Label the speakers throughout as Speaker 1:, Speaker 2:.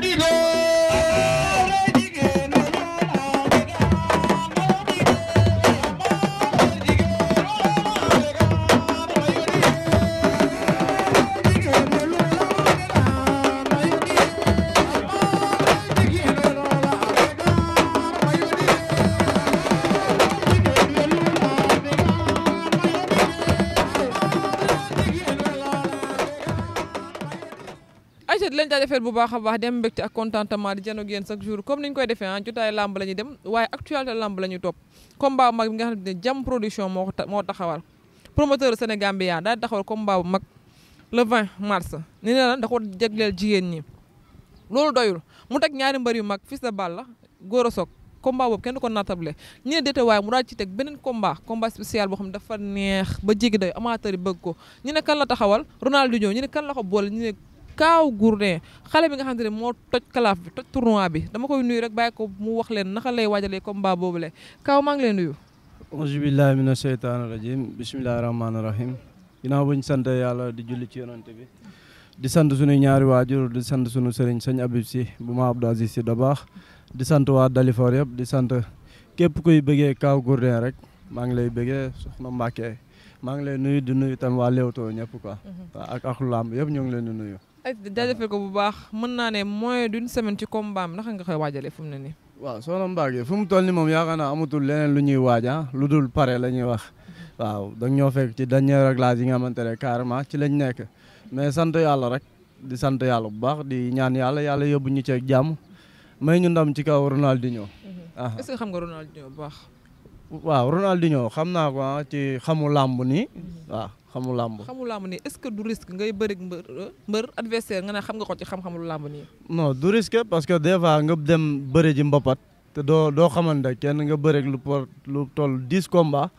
Speaker 1: Digo
Speaker 2: jaajëfal bu baax a baax dem mbégte ak contentement di janoog yéen chaque jour comme ni ñu koy defee ah jotaay lamb la ñuy dem waaye actualité lamb la ñuy topp combat bu mag bi nga xam ne le 20 mars ni ne la da ko jagleel jigéen ñi loolu doyul mu teg ñaari mbër yu mag Fils de Balla Gora Sock combat boobu kenn ko natable ñu ne déeta waaye mu daal ci teg beneen combat combat spécial boo xam ne dafa neex ba jéggi day amateur bëgg ko ñu ne kan la taxawal Ronaldinho ñu ne kan la ko boole ñu ne Kaaw Gourdin xale bi nga te ne moo toj kalaaf bi toj tournoi bi dama koy nuyu rek bàyyi ko mu wax leen naka lay waajalee combat boobule Kaaw maa ngi lay nuyu. auzu
Speaker 1: billaahi mina sheytaani rajiim bismillaahi rahmaani rahiim ginnaaw bu ñu sant yàlla di julli ci yonante bi di sant suñu ñaari waajur di sant suñu sëriñ sëñ Abib si bu ma Abdou Aziz si da baax di sant waa Dalifor yëpp di sant képp kuy bëggee Kaaw Gourdin rek maa ngi lay bëggee soxna Mbàkke maa ngi lay nuyu di nuyu tam waa Leewtoo ñëpp quoi. Mhm. ak ak lu làmb yëpp ñoo ngi leen di nuyu.
Speaker 2: ay jaajëfal ko bu baax mën naa ne moins d'une semaine ci combat am naka nga koy waajalee fu mu ne nii. waaw soxna
Speaker 1: Mbacke fu mu toll nii moom yaakaar naa leneen lu ñuy waaj ah, lu dul pare la ñuy wax waaw dañ ñoo fekk ci dernier réglage yi nga xamante ne carrément ci lañ nekk mais sant yàlla rek di sant yàlla bu baax di ñaan yàlla yàlla yóbbu ñu ci jàmm may ñun ndam ci kaw Ronaldinho.
Speaker 2: Mm-hmm. Ah. est-ce que xam nga Ronaldinho bu baax.
Speaker 1: waaw Ronaldinho xam naa ko ah, ci xamu lamb nii mm-hmm. waaw xamu làmb. xamu
Speaker 2: làmb nii est-ce que du risque ngay bëri mbër mbër adversaire nga ne xam nga ko ci xam-xamu làmb nii.
Speaker 1: non du risque parce que des fois nga dem bëri ji mbapat te doo doo xamante kenn nga bëri lu lu toll dix combats.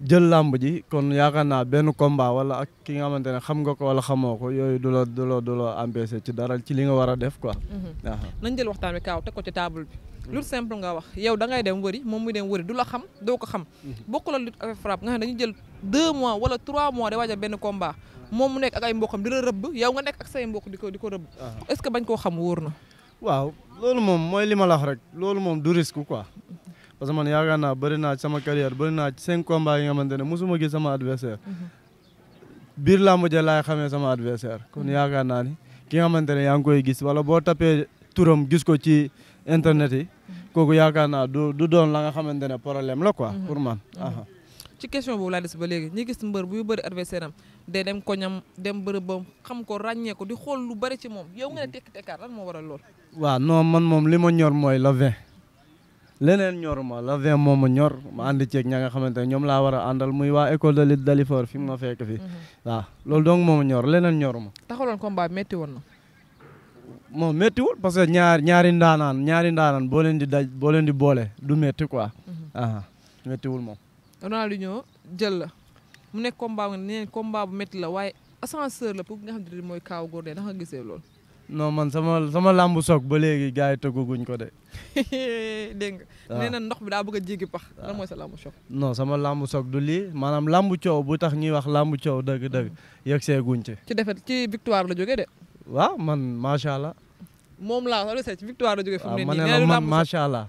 Speaker 1: jël làmb ji kon yaakaar naa benn combat wala ak ki nga xamante ne xam nga ko wala xamoo ko yooyu du la du la du la empêché ci dara ci li nga war a def quoi. Mhm.
Speaker 2: nañ jël waxtaan bi kaaw teg ko ci table bi. lu simple nga wax yow da ngay dem wëri moom muy dem wëri du la xam doo ko xam. Mhm. bokk la lutte avec frappe nga xam ne jël 2 mois wala 3 mois di waajal benn combat moom mu nekk ak ay mbokkam di la rëbb yow nga nekk ak say mbokk di ko di ko rëbb.
Speaker 1: est-ce que bañ koo xam wóor na. waaw loolu li ma la wax rek loolu moom du risque parce que man yaakaar naa bëri naa ci sama carrière naa ci cinq combats yi nga xamante ne ma gis sama adversaire mhm. biir la ja laay xamee sama adversaire kon mhm. yaakaar naa ni ki nga xamante ne yaa ngi koy gis wala boo tapee turam gis ko ci internet yi mhm. kooku yaakaar naa du du doon la nga xamante ne problème la quoi pour man
Speaker 2: ci question boobu laa des ba léegi ñi gis mbër buy bëri adversaire am day dem koñam dem bërëbam xam ko ràññee ko di xool lu bëri ci moom yow nga ne tekki tekkaar lan moo waral lool.
Speaker 1: waaw non man moom li ma ñor mooy le leneen ñor ma la vingt moom ma ñor ma ànd ceeg ña nga xamante ne ñoom laa war a àndal muy waa école de lutte fi mu ma fekk fi mhm. loolu donc moom ñor leneen ñor ma.
Speaker 2: taxaloon combat métti woon na.
Speaker 1: moom méttiwul parce que ñaar ñaari ndaanaan ñaari ndaanaan boo leen di daj boo leen di boole du métti quoi. Mhm. méttiwul moom.
Speaker 2: Ronaldinho jël la mu nekk combat nga ne bu métti la waaye ascenseur la pour nga xam ne mooy Kaaw Gourdin ndax nga gisee loolu.
Speaker 1: non man sama sama làmb soog ba léegi gars yi ko de.
Speaker 2: dégg nga. Ah. nee ndox bi daa bëgg a jéggi pax. Ah. lan mooy sa làmb soog.
Speaker 1: non du lii maanaam làmb coow bu tax ñuy wax làmb coow dëgg-dëgg mm. yegg see guñ ci.
Speaker 2: ci defet ci victoire la jógee de.
Speaker 1: waaw man macha allah.
Speaker 2: moom laa war a seet ci victoire la jógee. fu mu ah, ne nii nee macha allah.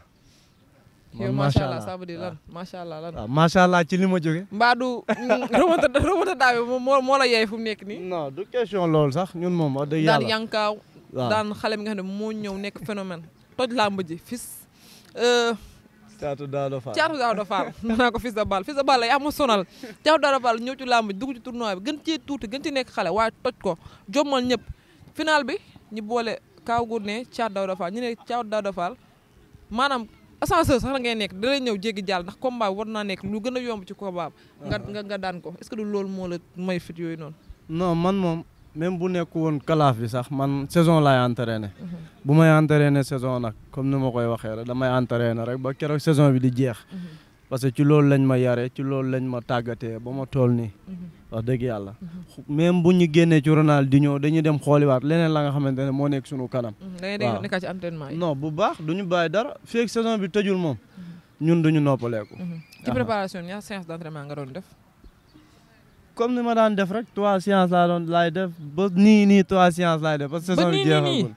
Speaker 2: yow macha allah ça veut dire lan ah. macha
Speaker 1: ah, allah ci li ma jóge
Speaker 2: mbaa du mm, remontada remontada moo moo la yey fu mu nekk nii. non du question
Speaker 1: loolu sax ñun moom
Speaker 2: wax dëgg yàlla daan yankaaw. waaw ah. daan xale bi nga xam moo ñëw nekk phénomène toj làmb ji fis. Euh,
Speaker 1: caatu Daado Fall caatu Daado
Speaker 2: naa ko fils de balle fils de balle yaa ma sonal caatu Daado Fall ñëw ci làmb ji dugg ci tournoi bi gën cee tuuti gën ci nekk xale waaye toj ko jommal ñëpp final bi ñu boole Kaw Gourdin caatu Daado ñu ne caatu Daado maanaam ascenseur sax la ngay nekk da lay ñëw jéggi jàll ndax combat bi war naa nekk lu gën a yomb ci ko bi ah. nga daan ko est-ce du loolu moo la may fit yooyu noonu
Speaker 1: non man moom même bu nekk woon kalaaf bi sax man saison laay entraîné mhm. bu may entraîné saison nag comme ni ma koy waxee rek damay entraîné rek ba keroog saison bi di jeex mhm. parce que ci loolu lañ ma yaree ci loolu lañ ma tàggatee ba ma tool nii mm-hmm. a dëgg yàlla mm-hmm. même bu ñu génnee ci Ronaldinho dañuy dem xooliwaat leneen la nga xamante ne moo nekk sunu kanam mm-hmm. waaw nekk ci entraînement yi non bu baax du ñu bàyyi dara fii ak saison bi tëjul moom ñun duñu noppaleeku ci
Speaker 2: préparation ñaar séance d'entraînement nga doon def
Speaker 1: comme ni ma daan def rek trois séances laa doon laay def ba nii nii trois séances laay def parce que saison bi jeexagul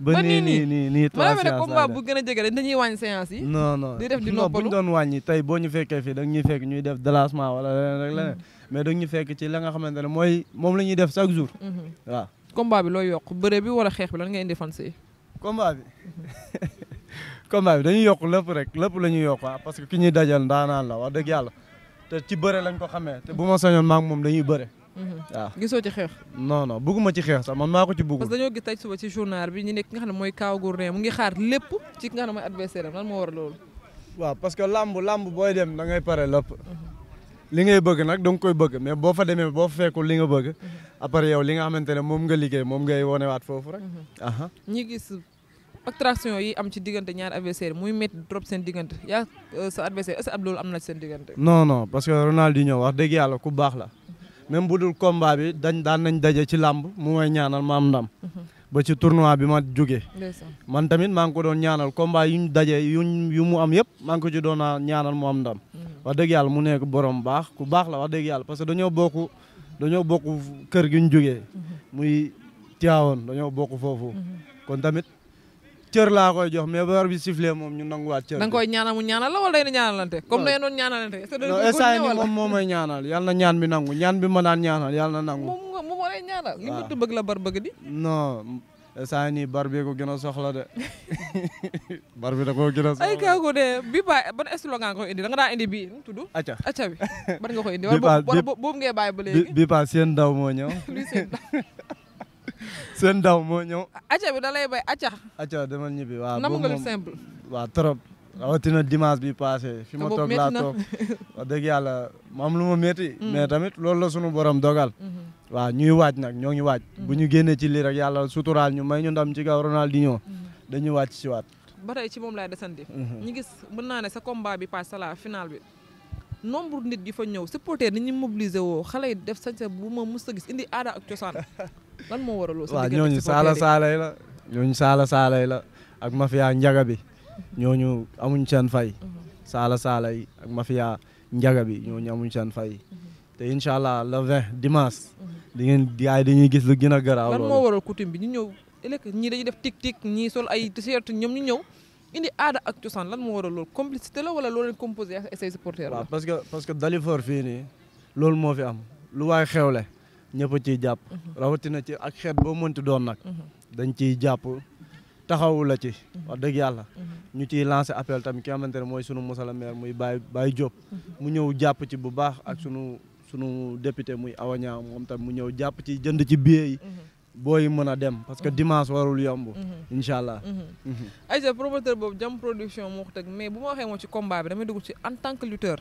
Speaker 2: ba nii ni nii
Speaker 1: nii trois séances ma bu
Speaker 2: gën a jege rek dañuy wàññi séance yi. non non di def di noppalu bu
Speaker 1: ñu doon wàññi tey boo ñu fekkee fii da ñuy fekk ñuy def délassement wala leneen rek leneen mm. mais da ñu fekk ci la nga xamante ne mooy moom la ñuy def chaque jour. Mm-hmm. waaw combat bi looy yokk bëre bi wala xeex bi lan nga indi fan si. combat bi combat bi dañuy yokk lépp rek lépp la ñuy yokk parce que ki ñuy dajal ndaanaan la wax dëgg yàlla te ci bëre lañ ko xamee te bu ma sañoon maa moom dañuy bëre waaw mm-hmm. gisoo ci xeex non non bëgguma ci xeex sax man maa ko ci bëggul parce que
Speaker 2: dañoo gis tey suba ci journal bi ñu nekk nga xam mooy Kaw ne mooy adversaire am
Speaker 1: lan da ngay pare lépp mm-hmm. li ngay bëgg nag da nga koy boo fa demee boo fekkul li nga bëgg mm-hmm. après yow li nga xamante ne moom nga liggéey moom ngay wonewaat
Speaker 2: foofu rek ñi gis attraction yi am ci diggante ñaari adversaire muy métti trop seen diggante yaa euh, sa adversaire est ab loolu am na ci diggante
Speaker 1: non non parce que Ronaldinho wax dëgg même bu dul combat bi dañ daan nañ daje ci làmb mu may ñaanal ma am ndam. ba ci tournoi bi ma jógee. man tamit maa ngi ko doon ñaanal combat yu ñu daje yu yu mu am yëpp maa ngi ko ci doon ñaanal mu am ndam. Mm-hmm. wax dëgg yàlla mu nekk borom baax ku baax la wax dëgg yàlla parce que dañoo bokk dañoo bokk kër gi ñu jógee. Mm-hmm. muy Tivaouane dañoo bokk foofu. Mm-hmm. kon tamit cër laa koy jox mais ba bi sifflé moom ñu nanguwaat cër. da nga
Speaker 2: koy ñaanal mu ñaanal la wala day na ñaanalante. comme na yéen ñaanalante. est-ce que non instant yii moom moo
Speaker 1: may ñaanal yal na ñaan bi nangu ñaan bi ma daan ñaanal yal na nangu. moom
Speaker 2: moom moo lay ñaanal. waaw li mu bëgg la bar bëgg di. non
Speaker 1: instant yii bar bi ko gën a soxla de bar bi da koo gën a soxla. ay
Speaker 2: kaagu de bi ba ban slogan nga koy indi da nga daa indi bii nu mu tudd. acca acca bi ban nga koy indi. wala boobu ngeen bàyyi ba léegi.
Speaker 1: bi bi bi seen daw moo ñëw. seen daw moo ñëw.
Speaker 2: acca bi da lay bay acca.
Speaker 1: acca demal ñibbi waaw nam nga
Speaker 2: lu
Speaker 1: trop rawatina dimanche bi passé fi ma toog laa toog wax dëgg yàlla ma am lu ma métti. Mm. mais tamit loolu la sunu borom dogal. Mm-hmm. waaw ñuy waaj nag ñoo ngi waaj. Mm-hmm. bu ñu génnee ci lii rek yàlla suturaal ñu may ñu ndam ci kaw Ronaldinho mm-hmm. dañuy wàcc si waat.
Speaker 2: ba tey ci moom laay desandi. ñu gis mën naa ne sa combat bi passé la final bi. nombre nit fa ñëw supporter ni ñu mobiliser woo xale def sañ bu ma mës a gis indi aada ak cosaan lan moo waraloo sa waaw ñooñu saala saalay
Speaker 1: la ñooñu saala saalay la mafia njaga bi mhm. ñooñu amuñ seen fay mhm. saala saalay ak mafia njaga bi ñooñu amuñ seen fay mhm. te incha allah le 20 dimanche di ngeen gars yi dañuy gis lu gën a garaaw loolu lan moo
Speaker 2: waral coutume bi ñu ñëw ëllëg ñii dañuy def tik ñii sol ay t-shirt ñoom ñu ñëw indi aada ak lan moo waral loolu complicité la wala loolu leen
Speaker 1: parce que parce que Dalifort fii loolu moo fi am lu waay xewle. ñëpp a ciy jàpp. Mhm. rawatina ci ak xeet boo mënti doon nag. Mhm. dañ ciy jàpp taxawu la ci. Mhm. wax dëgg yàlla. ñu ciy lancé appel tamit ki nga xamante ne mooy sunu musala maire muy Baye Baye mu ñëw jàpp ci bu baax ak sunu sunu muy awaña moom tam mu ñëw jàpp ci jënd ci billet yi. booy mën a dem parce que dimanche warul yomb. incha allah.
Speaker 2: ayca promoteur boobu jam production moo ko mais bu ma waxee moo ci combat bi damay dugg ci en tant que lutteur.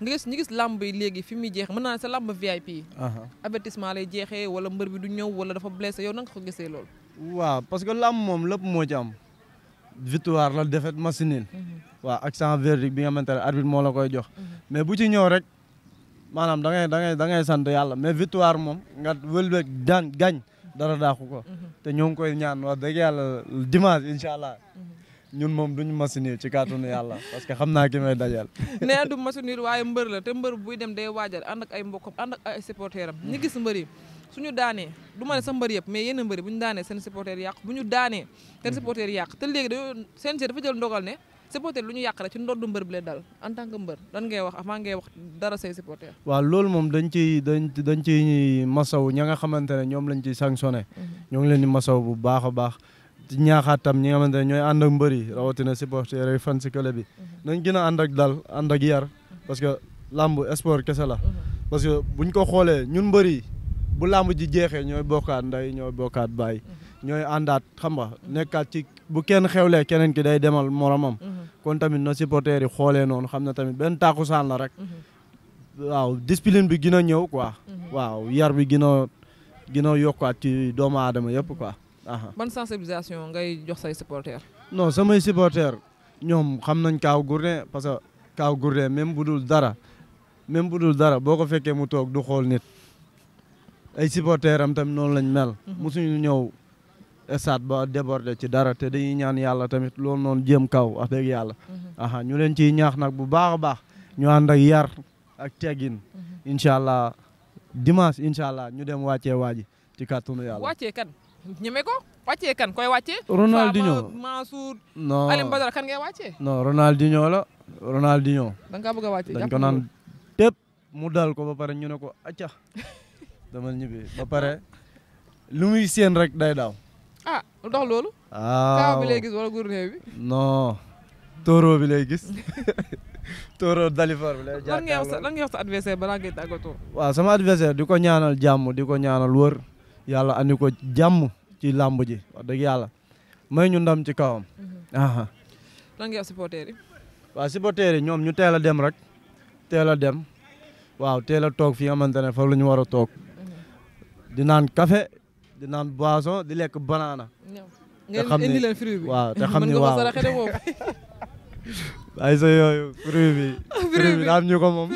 Speaker 2: nga gis ñu gis làmb yi léegi fi muy jeex mën naa sa làmb VIP yi avertissement lay jeexee wala mbër bi du ñëw wala dafa blessé yow na nga ko gisee loolu
Speaker 1: waaw parce que làmb moom lépp moo ci am victoire la défaite machine mm-hmm. waaw ak sans verdict bi nga xamante ne arbitre moo la koy jox mm-hmm. mais bu ci ñëw da da ngay da ngay sant yàlla mais victoire moom nga wëlbeeg daan gañ dara daaxu ko mm-hmm. te ñoo ngi koy ñaan wax ñun moom duñu masinil ci kàttanu yàlla parce que xam naa ki dajal
Speaker 2: nee du masinil waaye mbër la te mbër buy dem day waajal ànd ay mbokkam ànd ay supporteram ñi gis mbër yi suñu daanee du ma ne sax mbër yëpp mais yenn mbër yi bu ñu daanee seen supporter yàq bu ñu daanee seen mm-hmm. supporter yàq te léegi dañoo seen dafa jël ndogal ne supporter lu ñu yàq rek ci ndoddu mbër bi lay dal en tant que mbër lan ngay wax avant ngay wax dara say supporter
Speaker 1: waa loolu moom dañ ciy dañ dañ ciy masaw ña nga xamante ne ñoom lañ ciy sanctionné mm-hmm. ñaaxaat tam ñi nga xamante ne ñooy ànd ak mbër yi rawatina supporter yi fan si kële bi mhm. nañ gën a ànd ak dal ànd yar mhm. parce que làmb sport kese la mhm. parce que buñ ko xoolee ñun mbër yi bu lamb ji jeexee ñooy bokkaat nday ñooy bokkaat baay ñooy àndaat xam nga nekkaat ci bu kenn xew lee keneen ki day demal moromam kon tamit na supporter yi xoolee noonu xam ne tamit benn tàkkusaan la rek waaw discipline bi gën a ñëw ko waaw yar bi gën a yokkaat ci doomu aadama yëpp quoi
Speaker 2: ban sensibilisation ngay jox say supporters.
Speaker 1: non samay supporters ñoom xam nañ Kaaw Gourdin parce que Kaaw Gourdin même bu dul dara même bu dul dara boo ko fekkee mu toog du xool nit ay supporters am tamit noonu lañ mel. Mhm. mosuñu ñëw stade ba déborder ci dara te dañuy ñaan yàlla tamit loolu noonu jëm kaw wax dëgg yàlla. Mhm. ñu leen ciy ñaax nag bu baax a baax ñu ànd ak yar ak teggin mhm. incha allah dimanche incha allah ñu dem wàccee waaji ci kàttanu
Speaker 2: yàlla ñeme ko wàccee kan koy wàccee. Ronaldinho Mansour.
Speaker 1: non Alioune Badara kan ngay wàccee. non Ronaldinho la Ronaldinho.
Speaker 2: da nga bëgg a wàccee dañ ko naan
Speaker 1: tëpp mu dal ko ba pare ñu ne ko acca dama ñibbi ba pare lu muy séen rek day daaw.
Speaker 2: ah lu dox loolu. waaw kaaw bi lay gis wala gurne bi.
Speaker 1: non tóoro bi lay gis. Toro Dalifor bi lay jàkkaarloo
Speaker 2: lan ngay wax sa adversaire balaa ngay tàggatoo.
Speaker 1: waaw sama di ko ñaanal jàmm di ko ñaanal wër. yàlla andi ko jàmm ci làmb ji wax dëgg yàlla may ñu ndam ci kawam. Mhm. lan ngay wax ñoom ñu teel a dem rek teel a dem waaw teel a toog fi nga ne fa la ñu war a toog mhm. di naan café di naan boisson di lekk banana.
Speaker 2: te xam ne indi leen
Speaker 1: fruit bi waaw te xam ne waaw ay sa yooyu fruit bi. fruit ñu ko moom.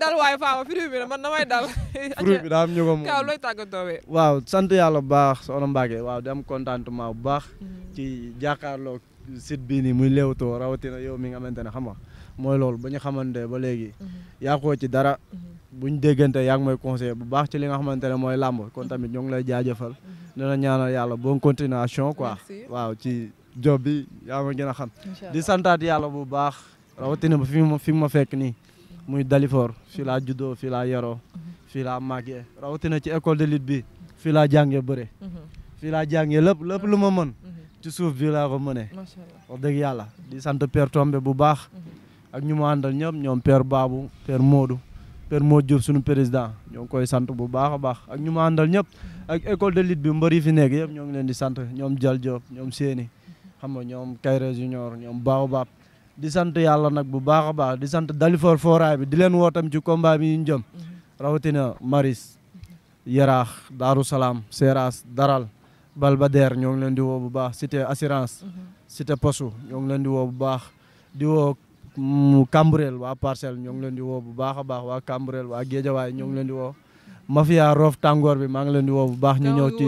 Speaker 2: dal waaye Fama fruit bi man damay dal. fruit
Speaker 1: bi waaw sant yàlla bu baax soxna Mbacke waaw di am contentement bu baax. Mhm. ci jàkkaarloo site bii nii muy Leewtoo rawatina yow mi nga xamante ne xam nga mooy loolu ba ñu xamante ba léegi. Mhm. yàqoo ci dara. Mhm. buñ déggante yak ngi may bu baax ci li nga xamante ne mooy làmb kon tamit ñoo ngi lay jaajëfal. dina ñaanal yàlla bonne continuation quoi. waaw ci job bi yaa ma gën a xam. di santaat yàlla bu baax. rawatina fi ma fi ma muy Dalifort fii laa juddoo fii laa yaroo fii laa màggee rawatina ci école de lutte bi fii laa jàngee bëre fii laa jàngee lépp lépp lu ma mën ci suuf bi laa ko mënee wax dëgg yàlla di sant père Tombe bu baax ak ñu mu àndal ñëpp ñoom père Babou père Modou père Modou Diop président ñoo koy sant bu baax a baax ak ñu mu ñëpp ak école de lutte bi mbër yi fi nekk yëpp ñoo ngi ñoom Jal Diop ñoom Séni xam ñoom Kayre Junior ñoom Baobab di sant yàlla nag bu baax a baax di sant Dalifor Foraay bi di leen woo tam ci combat bi ñu jëm mhm. rawatina Maris Yaraax Daaru Salaam Seras Daral Balbader ñoo ngi leen di woo bu baax te assurance mhm. cité posu ñoo ngi leen di woo bu baax di woo Cambrel waa parcelle ñoo ngi leen di woo bu baax a baax waa kambureel waa Géejawaay ñoo ngi leen di woo ma mhm. mafia roof tàngoor bi maa ngi leen di woo bu baax ñu ñëw ci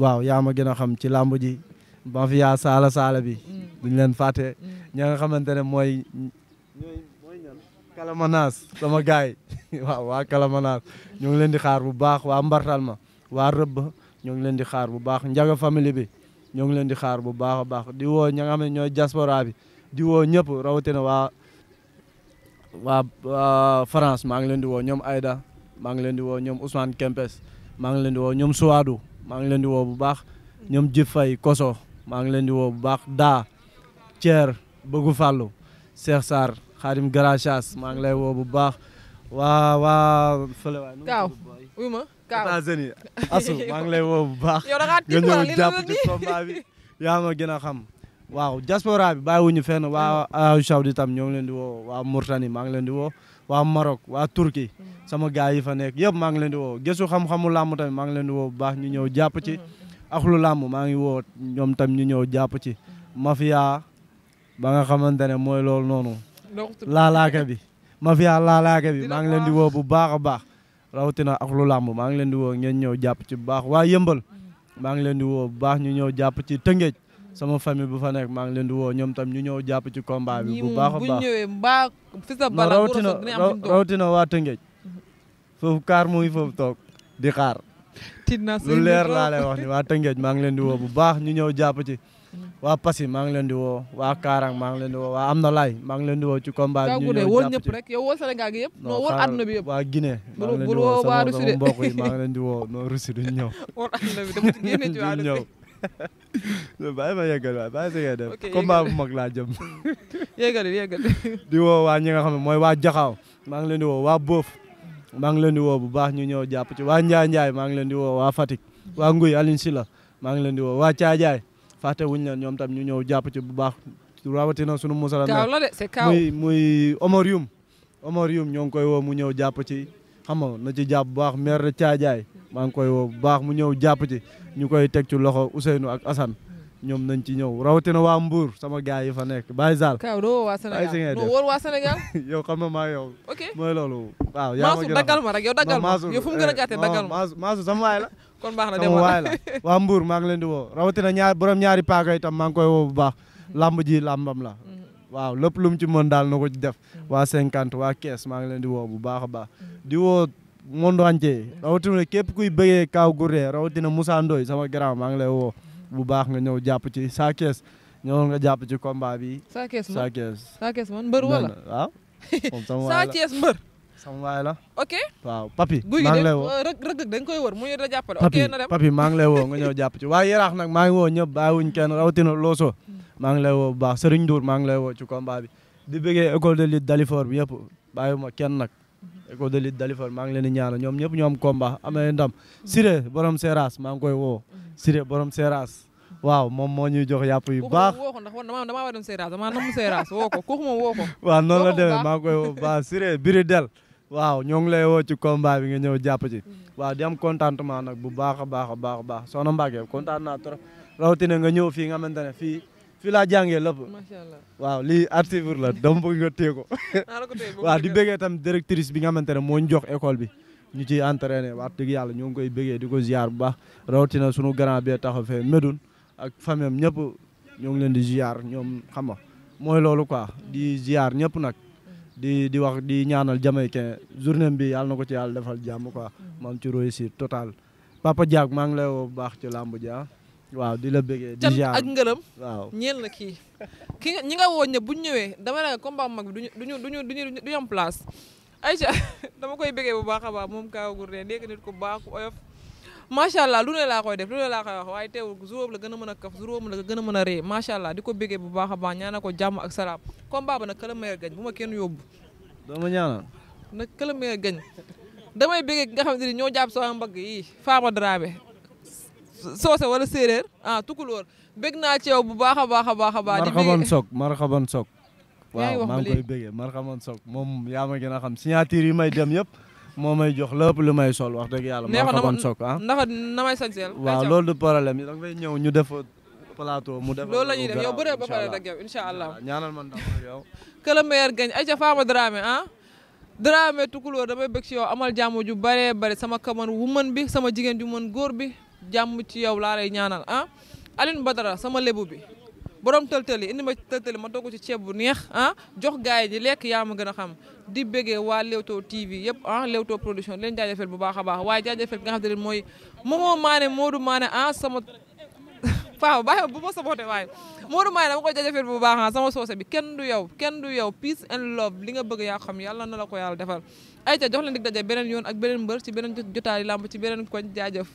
Speaker 1: waaw yaa ma gën a xam ci làmb ji mafia saala saala bi mm. duñ leen fàtte mm. ña nga xamante ne mooy mooy ñan kalamanaas sama gaay waa kalamanaas ñoo ngi leen di xaar bu baax waa mbartal ma waa rëbb ñoo ngi leen di xaar bu baax njaga famille bi ñoo ngi leen di xaar bu baax a baax di woo ña nga xam ne ñooy diaspora bi di woo ñëpp rawatina waa waa France maa ngi leen di woo ñoom ayda maa ngi leen di woo ñoom Ousmane Kempes maa ngi leen di woo ñoom Suwaadu maa leen di woo bu baax ñoom Jif Koso maa ngi leen di woo bu baax daa Thier bëggu fàllu Cheikh Sarr Xaadim Garachas maa ngi lay woo bu baax waa waa fële waay kaaw uy ma kaaw États-Unis asu maa ngi lay woo bu baax nga ñëw jàpp ci combat bi yaa ma gën a xam waaw diaspora bi bàyyiwuñu feen waa Arabie Saoudite tam ñoo ngi leen di woo waa Mauritanie maa ngi leen di woo waa Maroc waa Turquie sama gars yi fa nekk yëpp maa ngi leen di woo gëstu xam-xamu làmb tamit maa ngi leen di woo bu baax ñu ñëw jàpp ci mhm. axlu làmb maa ngi woo ñoom tam ñu ñëw jàpp ci mafia ba nga xamante ne mooy loolu noonu laalaaka bi mafia laalaaka bi maa ngi leen di woo bu baax a baax rawatina axlu làmb maa ngi leen di woo ngeen ñëw jàpp ci bu baax waa yëmbal maa ngi leen di woo bu baax ñu ñëw jàpp ci tëngéej sama famille bu fa maa ngi leen di woo ñoom tam ñu ñëw jàpp ci combat bi bu baax a
Speaker 2: baax rawatina
Speaker 1: rawatina waa tëngéej foofu kaar mu ngi foofu toog di xaar lu leer laa lay wax waa Tëngéej maa ngi leen di woo bu baax ñu ñëw jàpp ci waa Passy maa ngi leen di woo waa Kaarang maa ngi leen di woo waa Amna maa ngi leen di woo ci combat bi ñu ñëw
Speaker 2: rek yow woo Sénégal gi yëpp noo woo àdduna bi
Speaker 1: yëpp waa Guinée maa ngi leen di woo sama mbokk yi maa ngi leen di woo noo Russie duñ ñëw woon waa ñëw bàyyi waa ñi nga xam ne mooy waa Jaxaaw maa ngi leen di waa Boof maa ngi leen di woo bu baax ñu ñëw jàpp ci waa Njaay Njaay maa ngi di woo waa Fatick waa Nguy Alioune Sylla maa ngi leen di woo waa Caajaay fàtte wuñ ñoom tamit ñu ñëw jàpp ci bu baax rawatina sunu musala muy muy Omar Youm Omar Youm ñoo ngi koy woo mu ñëw jàpp ci xam nga na ci jàpp bu baax maire de Caajaay maa ngi koy woo bu baax mu ñëw jàpp ci ñu koy teg ci loxo Ousseynou ak Assane ñoom nañ ci ñëw rawatina waa Mbour sama gars yi fa nekk Baye Zal. Kaaw doo waa Sénégal doo wóor waa Sénégal. yow xam nga maa yow. ok mooy loolu. waaw yaa ma gën a maasu daggal ma rek yow daggal ma yow fu mu gën a gàttee eh, daggal ma maasu maasu sama waay la. kon baax na demoon sama waay la waa Mbour maa ngi leen di woo rawatina ñaar borom ñaari paaka itam maa ngi koy woo bu baax. Mhm. lamb ji lambam la. Mhm. waaw lépp lu mu ci mën daal na ko ci def. Mhm. waa cinquante waa kees maa ngi leen di woo bu baax a baax. di woo monde entier rawatina képp kuy bëggee Kaaw Gourdin rawatina Moussa Ndoye sama grand maa ngi lay woo bu baax nga ñëw jàpp ci saa kees nga jàpp ci combat bi. saa kees man saa kees.
Speaker 2: saa kees man mbër wala
Speaker 1: waaw. moom sama waay la saa kees mbër.
Speaker 2: sama waay la. ok
Speaker 1: papi maa ngi la woo
Speaker 2: guy gi rëg dañ koy wër mu la jàppale.
Speaker 1: ok na dem maa ngi lay woo nga ñëw jàpp ci waaye yaraax nag maa ngi woo ñëpp bàyyiwuñ kenn rawatina looso. Hmm. maa ngi lay woo bu baax Serigne Ndour maa ngi lay woo ci combat bi. di bëggee école de lutte Dalifor bi yëpp bàyyiwuma kenn nag. Hmm. école de lutte Dalifor maa ngi leen di ñaanal ñoom ñëpp ñoom combat amee ndam. Hmm. Siré borom Seras maa ngi koy woo. Siré borom Seras waaw moom moo ñuy jox yàpp yu baax
Speaker 2: woo ko ndax man damaa war a dem Seras damaa nam Seras ko moom woo ko
Speaker 1: waaw noonu la demee maa ngi biri del waaw ñoo ngi lay woo ci combat bi nga ñëw jàpp ci mm-hmm. waaw di am contentement nag bu baax a baax a baax a baax soxna Mbacke kontaan naa trop rawatina nga ñëw fii nga xamante ne fii fii laa jàngee lépp waaw lii artivour la dama bëgg nga téye ko waaw di bëggee tam directrice bi nga xamante ne moo ñu jox école bi ñu ciy entraîné wax dëgg yàlla ñoo ngi koy bëggee di ko ziar bu baax rawatina sunu grand bee taxaw fee Médoune ak famem ñëpp ñoo ngi leen di ziar ñoom xam nga mooy loolu quoi di ziar ñëpp nag di di wax di ñaanal jamaïcain journée bi yàlla na ko ci yàlla defal jàmm quoi maam ci réussite total papa Diak maa ngi lay woo bu baax ci làmb ja ah. waaw di la bëggee di jaar ak ngërëm waaw
Speaker 2: ñeel na ki ñi nga woo ñëpp bu ñu ñëwee dama ne combat mag bi duñu duñu duñu duñu place Aïcha dama koy bëggee bu baax a baax moom Kaaw Gourdin nekk nit ku baax ku oyof macha allah lu ne laa koy def lu ne laa koy wax waaye teewul juróom la gën a mën a kaf juróom la gën a mën a ree macha allah di ko bëggee bu baax a baax ko jàmm ak salaam combat ba nag kala meer gañ bu ma kenn yóbbu. doo ma ñaanal. nag kala meer gañ damay bëggee nga xam ne ñoo jàpp sama mbagg yi Fama Dramé soose wala séeréer ah tukulóor bëgg naa ci yow bu baax a baax a baax a baax. di marhaban sok
Speaker 1: marhaban sok
Speaker 2: waaw maa ngi koy
Speaker 1: bëggee marxaman soog moom yaa ma gën a xam signature yi may dem yëpp moo may jox lépp lu may sol wax dëgg yàlla marxaman soog ah ndax
Speaker 2: na may sañseel waaw loolu du
Speaker 1: problème da nga fay ñëw ñu def plateau mu def loolu la ñuy def yow bëree ba pare rek
Speaker 2: yow allah ñaanal man yow que le meilleur gagne ay ca Fama Dramé ah. damay bëgg amal jàmm ju bëree bëri sama kaman wu mën bi sama jigéen ju mën góor bi jàmm ci yow laa ñaanal ah Aline Badara sama lébu bi borom tëltël yi indi ma tëltël yi ma togg ci ceeb bu neex ah jox gars yi di lekk yaa ma gën a xam di bëggee waa Leewtoo TV yëpp ah Leewtoo production leen jaajëfal bu baax a baax waaye jaajëfal bi nga xam te ne mooy moo maane Modou maane ah sama faaw baax bu ma saboté waaye Modou maane dama koy jaajëfal bu baax ah sama soose bi kenn du yow kenn du yow peace and love li nga bëgg yaa xam yàlla na la ko yàlla defal ayca jox leen dig beneen yoon ak beneen mbër ci beneen jotaay lamb ci beneen koñ jaajëf